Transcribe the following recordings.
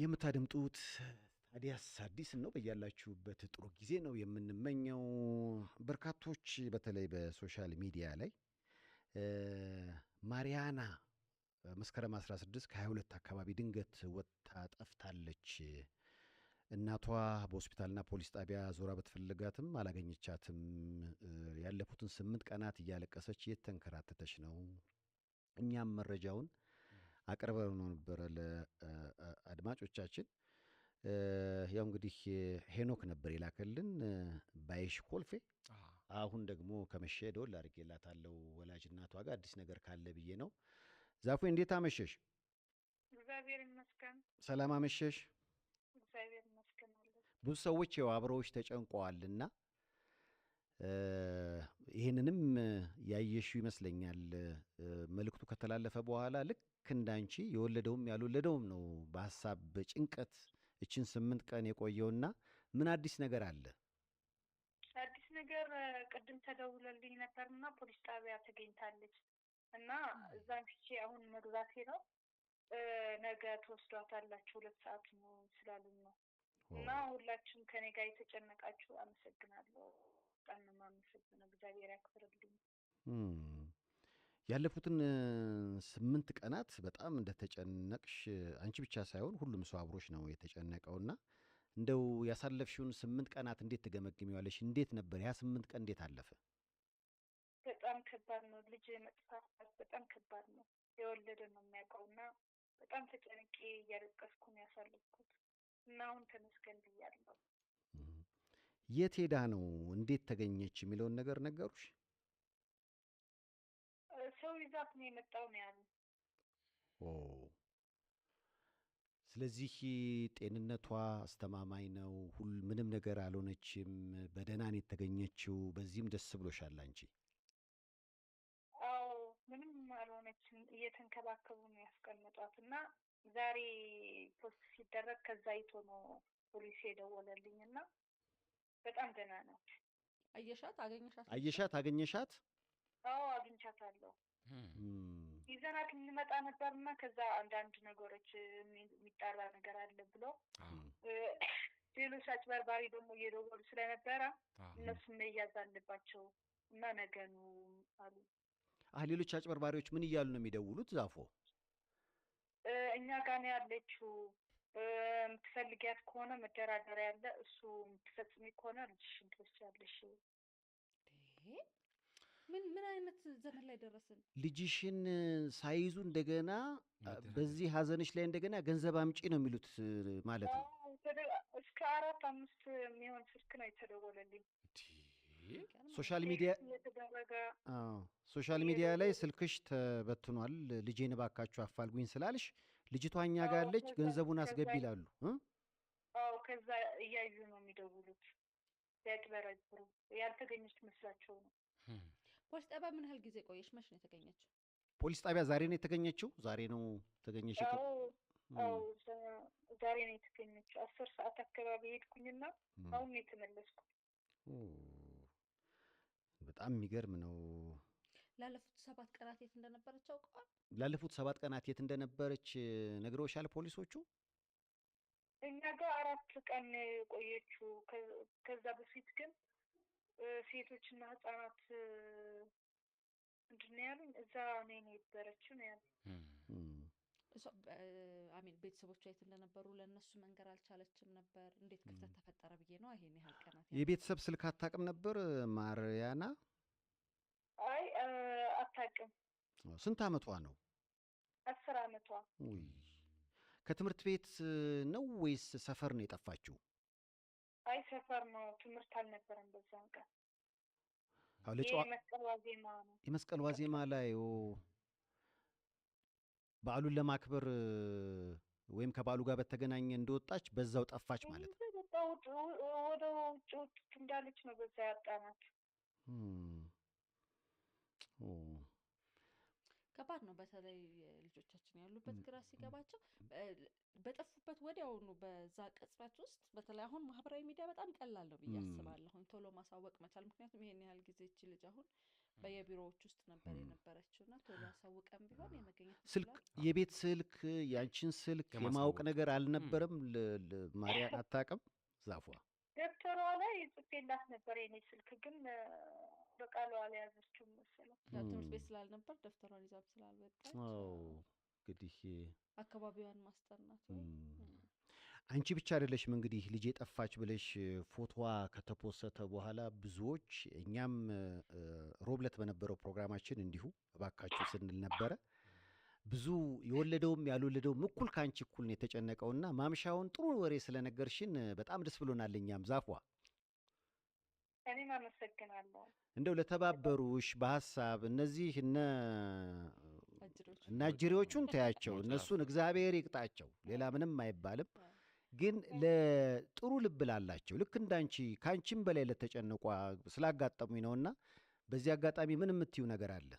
የምታደምጡት ታዲያስ አዲስ ነው። በያላችሁበት ጥሩ ጊዜ ነው የምንመኘው። በርካቶች በተለይ በሶሻል ሚዲያ ላይ ማሪያና መስከረም 16 ከ22 አካባቢ ድንገት ወጥታ ጠፍታለች። እናቷ በሆስፒታልና ፖሊስ ጣቢያ ዞራ ብትፈልጋትም አላገኘቻትም። ያለፉትን ስምንት ቀናት እያለቀሰች የተንከራተተች ነው። እኛም መረጃውን አቅርበው ነው ነበረ ለአድማጮቻችን። ያው እንግዲህ ሄኖክ ነበር የላከልን ባይሽ ኮልፌ። አሁን ደግሞ ከመሸ ደወል አድርጌላታለሁ ወላጅ እናቷ ጋር አዲስ ነገር ካለ ብዬ ነው። ዛፉ እንዴት አመሸሽ? እግዚአብሔር ይመስገን። ሰላም አመሸሽ። እግዚአብሔር ይመስገን። ብዙ ሰዎች ያው አብረዎች ተጨንቀዋልና ይህንንም ያየሽው ይመስለኛል። መልእክቱ ከተላለፈ በኋላ ልክ እንዳንቺ የወለደውም ያልወለደውም ነው በሀሳብ በጭንቀት እችን ስምንት ቀን የቆየውና ምን አዲስ ነገር አለ? አዲስ ነገር ቅድም ተደውሎልኝ ነበርና ፖሊስ ጣቢያ ተገኝታለች እና እዛን ሂጄ አሁን መግዛቴ ነው። ነገ ትወስዷታላችሁ ሁለት ሰዓት ነው ስላሉኝ ነው። እና ሁላችሁም ከኔ ጋር የተጨነቃችሁ አመሰግናለሁ። ነው የማመሰግነው። እግዚአብሔር ያክብርልኝ። ያለፉትን ስምንት ቀናት በጣም እንደተጨነቅሽ አንቺ ብቻ ሳይሆን ሁሉም ሰው አብሮሽ ነው የተጨነቀውና እንደው ያሳለፍሽውን ስምንት ቀናት እንዴት ትገመግሚዋለሽ? እንዴት ነበር ያ ስምንት ቀን እንዴት አለፈ? በጣም ከባድ ነው። ልጅ መጥፋት በጣም ከባድ ነው። የወለደ ነው የሚያውቀው እና በጣም ተጨንቄ እያለቀስኩ ነው ያሳለፍኩት እና አሁን ተመስገን ብያለሁ። የት ሄዳ ነው እንዴት ተገኘች የሚለውን ነገር ነገሩሽ? ሰው ይዛት ነው የመጣው ነው ያሉ። ስለዚህ ጤንነቷ አስተማማኝ ነው፣ ሁል ምንም ነገር አልሆነችም፣ በደህና ነው የተገኘችው። በዚህም ደስ ብሎሻል አንቺ? አዎ ምንም አልሆነችም። እየተንከባከቡ ነው ያስቀምጧት እና ዛሬ ፖስት ሲደረግ ከዛ ይቶ ነው ፖሊስ የደወለልኝ እና በጣም ደህና ነው። አየሻት? አገኘሻት? አየሻት? አገኘሻት? አዎ አግኝቻታለሁ። ይዘናት እንመጣ ነበር እና ከዛ አንዳንድ ነገሮች የሚጣራ ነገር አለ ብሎ ሌሎች አጭበርባሪ ደግሞ እየደወሉ ስለነበረ እነሱ መያዝ አለባቸው እና ነገኑ አሉ። አህ ሌሎች አጭበርባሪዎች ምን እያሉ ነው የሚደውሉት? ዛፎ እኛ ጋር ነው ያለችው የምትፈልጊያት ከሆነ መደራደሪያ ያለ እሱ የምትፈጽሚ ከሆነ ልጅሽን ትወስጃለሽ። ምን ምን አይነት ዘመን ላይ ደረስን? ልጅሽን ሳይዙ እንደገና በዚህ ሀዘንሽ ላይ እንደገና ገንዘብ አምጪ ነው የሚሉት ማለት ነው። እስከ አራት አምስት የሚሆን ስልክ ነው የተደወለልኝ። ሶሻል ሚዲያ ሶሻል ሚዲያ ላይ ስልክሽ ተበትኗል፣ ልጄን እባካችሁ አፋልጉኝ ስላልሽ ልጅቷ እኛ ጋር አለች፣ ገንዘቡን አስገቢ ይላሉ። አዎ ከዛ እያዩ ነው የሚደውሉት። ያጭበረብሩ ያልተገኘች መስላቸው ነው። ፖሊስ ጣቢያ ምን ያህል ጊዜ ቆየች? መች ነው የተገኘችው? ፖሊስ ጣቢያ ዛሬ ነው የተገኘችው። ዛሬ ነው ተገኘች። ዛሬ ነው የተገኘችው። አስር ሰዓት አካባቢ ሄድኩኝና አሁን ነው የተመለስኩ። በጣም የሚገርም ነው። ላለፉት ሰባት ቀናት የት እንደነበረች አውቀዋል። ላለፉት ሰባት ቀናት የት እንደነበረች ነግረውሻል ፖሊሶቹ? እኛ ጋር አራት ቀን ቆየችው። ከዛ በፊት ግን ሴቶችና ህጻናት ምንድን ነው ያሉኝ፣ እዛ ነው የነበረችው ነው ያሉኝ። አሚን ቤተሰቦቿ የት እንደነበሩ ለእነሱ መንገር አልቻለችም ነበር። እንዴት ክፍተት ተፈጠረ ብዬ ነው ይሄን ያህል ቀናት። የቤተሰብ ስልክ አታውቅም ነበር ማርያና? አታውቅም። ስንት አመቷ ነው? አስር አመቷ። ከትምህርት ቤት ነው ወይስ ሰፈር ነው የጠፋችው? አይ ሰፈር ነው። ትምህርት አልነበረም በዛን ቀን። የመስቀል ዋዜማ ላይ በዓሉን ለማክበር ወይም ከበዓሉ ጋር በተገናኘ እንደወጣች በዛው ጠፋች ማለት ነው። ወደ ውጭ እንዳለች ነው በዛ ያጣናት። ከባድ ነው። በተለይ ልጆቻችን ያሉበት ግራ ሲገባቸው በጠፉበት ወዲያውኑ በዛ ቅጽበት ውስጥ በተለይ አሁን ማህበራዊ ሚዲያ በጣም ቀላል ነው ብዬ አስባለሁ፣ ቶሎ ማሳወቅ መቻል። ምክንያቱም ይሄን ያህል ጊዜ እቺ ልጅ አሁን በየቢሮዎች ውስጥ ነበር የነበረችውና ቶሎ አሳውቀን ቢሆን የመገኘት ስልክ የቤት ስልክ ያንቺን ስልክ የማወቅ ነገር አልነበረም። ማርያ አታቅም ዛፏ ደብተሯ ላይ ጽፌላት ነበር የኔ ስልክ ግን በቃሏ አልያዘችውም መሰለው ትምህርት ቤት ስላልነበር ደብተሯን ይዛም ስላልበቃች እንግዲህ አካባቢዋን ማስጠናት አንቺ ብቻ አይደለሽም እንግዲህ ልጅ የጠፋች ብለሽ ፎቶዋ ከተፖሰተ በኋላ ብዙዎች እኛም ሮብለት በነበረው ፕሮግራማችን እንዲሁ እባካችሁ ስንል ነበረ። ብዙ የወለደውም ያልወለደውም እኩል ከአንቺ እኩል ነው የተጨነቀውና ማምሻውን ጥሩ ወሬ ስለነገርሽን በጣም ደስ ብሎናል። እኛም ዛፏ እኔም አመሰግናለሁ እንደው ለተባበሩሽ በሀሳብ እነዚህ እነ ናጅሪዎቹን ተያቸው፣ እነሱን እግዚአብሔር ይቅጣቸው፣ ሌላ ምንም አይባልም። ግን ለጥሩ ልብ ላላቸው ልክ እንዳንቺ ከአንቺም በላይ ለተጨነቁ ስላጋጠሙኝ ነውና በዚህ አጋጣሚ ምን የምትዩ ነገር አለ?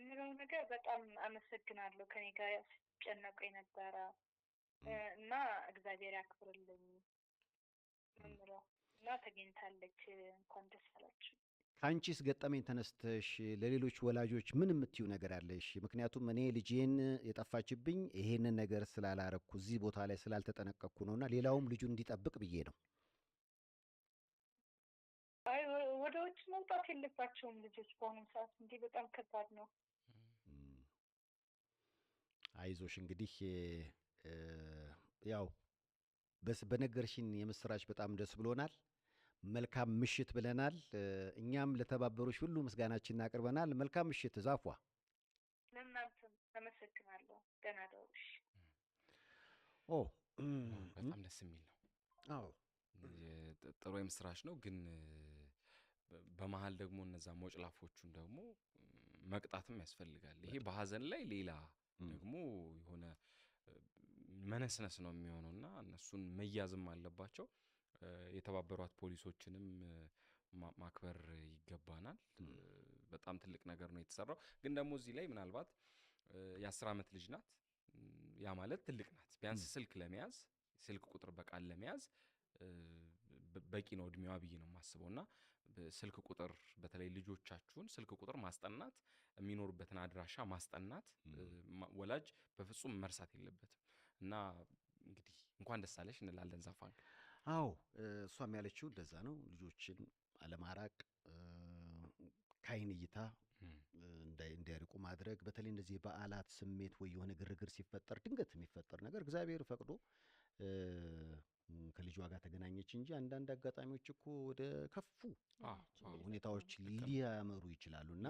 የምለው ነገር በጣም አመሰግናለሁ ከኔ ጋር ሲጨነቁ የነበረ እና እግዚአብሔር ያክብርልኝ እና ተገኝታለች። እንኳን ደስ አላችሁ። ከአንቺስ ገጠመኝ ተነስተሽ ለሌሎች ወላጆች ምን የምትዩ ነገር አለሽ? ምክንያቱም እኔ ልጄን የጠፋችብኝ ይሄንን ነገር ስላላረኩ እዚህ ቦታ ላይ ስላልተጠነቀቅኩ ነው እና ሌላውም ልጁን እንዲጠብቅ ብዬ ነው። አይ ወደ ውጭ መውጣት የለባቸውም ልጆች በአሁኑ ሰዓት እንዲህ በጣም ከባድ ነው። አይዞሽ እንግዲህ ያው በነገርሽን የምስራች በጣም ደስ ብሎናል። መልካም ምሽት ብለናል። እኛም ለተባበሩሽ ሁሉ ምስጋናችን አቅርበናል። መልካም ምሽት ዛፏ። ለእናንተም አመሰግናለሁ። ደህና በጣም ደስ የሚል ነው። ጥሩ የምስራች ነው። ግን በመሀል ደግሞ እነዛ ሞጭላፎቹን ደግሞ መቅጣትም ያስፈልጋል። ይሄ በሀዘን ላይ ሌላ ደግሞ የሆነ መነስነስ ነው የሚሆነው እና እነሱን መያዝም አለባቸው። የተባበሯት ፖሊሶችንም ማክበር ይገባናል። በጣም ትልቅ ነገር ነው የተሰራው። ግን ደግሞ እዚህ ላይ ምናልባት የአስር ዓመት ልጅ ናት። ያ ማለት ትልቅ ናት። ቢያንስ ስልክ ለመያዝ ስልክ ቁጥር በቃል ለመያዝ በቂ ነው እድሜዋ ብዬ ነው የማስበው። እና ስልክ ቁጥር በተለይ ልጆቻችሁን ስልክ ቁጥር ማስጠናት፣ የሚኖሩበትን አድራሻ ማስጠናት ወላጅ በፍጹም መርሳት የለበትም። እና እንግዲህ እንኳን ደስ አለሽ እንላለን ዛፋን። አዎ እሷም ያለችው እንደዛ ነው። ልጆችን አለማራቅ ከአይን እይታ እንዳይርቁ ማድረግ። በተለይ እንደዚህ የበዓላት ስሜት ወይ የሆነ ግርግር ሲፈጠር ድንገት የሚፈጠር ነገር እግዚአብሔር ፈቅዶ ከልጇ ጋር ተገናኘች እንጂ አንዳንድ አጋጣሚዎች እኮ ወደ ከፉ ሁኔታዎች ሊያመሩ ይችላሉ እና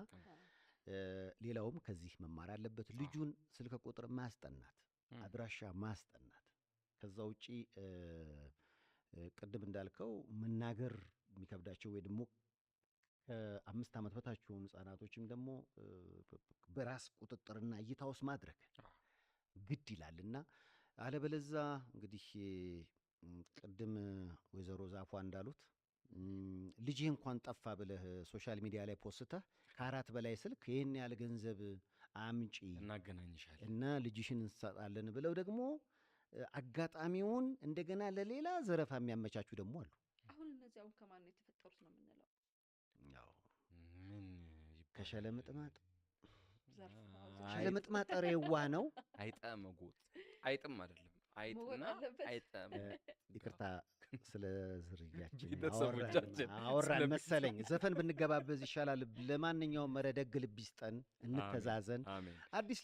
ሌላውም ከዚህ መማር አለበት። ልጁን ስልክ ቁጥር ማስጠናት አድራሻ ማስጠናት። ከዛ ውጪ ቅድም እንዳልከው መናገር የሚከብዳቸው ወይ ደግሞ ከአምስት ዓመት በታች የሆኑ ህጻናቶችም ደግሞ በራስ ቁጥጥርና እይታ ውስጥ ማድረግ ግድ ይላል አለበለዛ እንግዲህ ቅድም ወይዘሮ ዛፏ እንዳሉት ልጅህ እንኳን ጠፋ ብለህ ሶሻል ሚዲያ ላይ ፖስተህ ከአራት በላይ ስልክ ይህን ያህል ገንዘብ አምጪ እናገናኝሻለን እና ልጅሽን እንሰጣለን ብለው ደግሞ አጋጣሚውን እንደገና ለሌላ ዘረፋ የሚያመቻቹ ደግሞ አሉ። አሁን እነዚህ አሁን ከማን ነው የተፈጠሩት ነው የምንለው? ያው ምን ሸለ ሸለምጥማጥ ሬዋ ነው። አይጠ መጎጥ አይጥም አይደለም አይጥና አይጠ ይቅርታ ስለ ዝርያችን አወራን መሰለኝ። ዘፈን ብንገባበዝ ይሻላል። ለማንኛውም መረደግ ልብ ይስጠን፣ እንተዛዘን አዲስ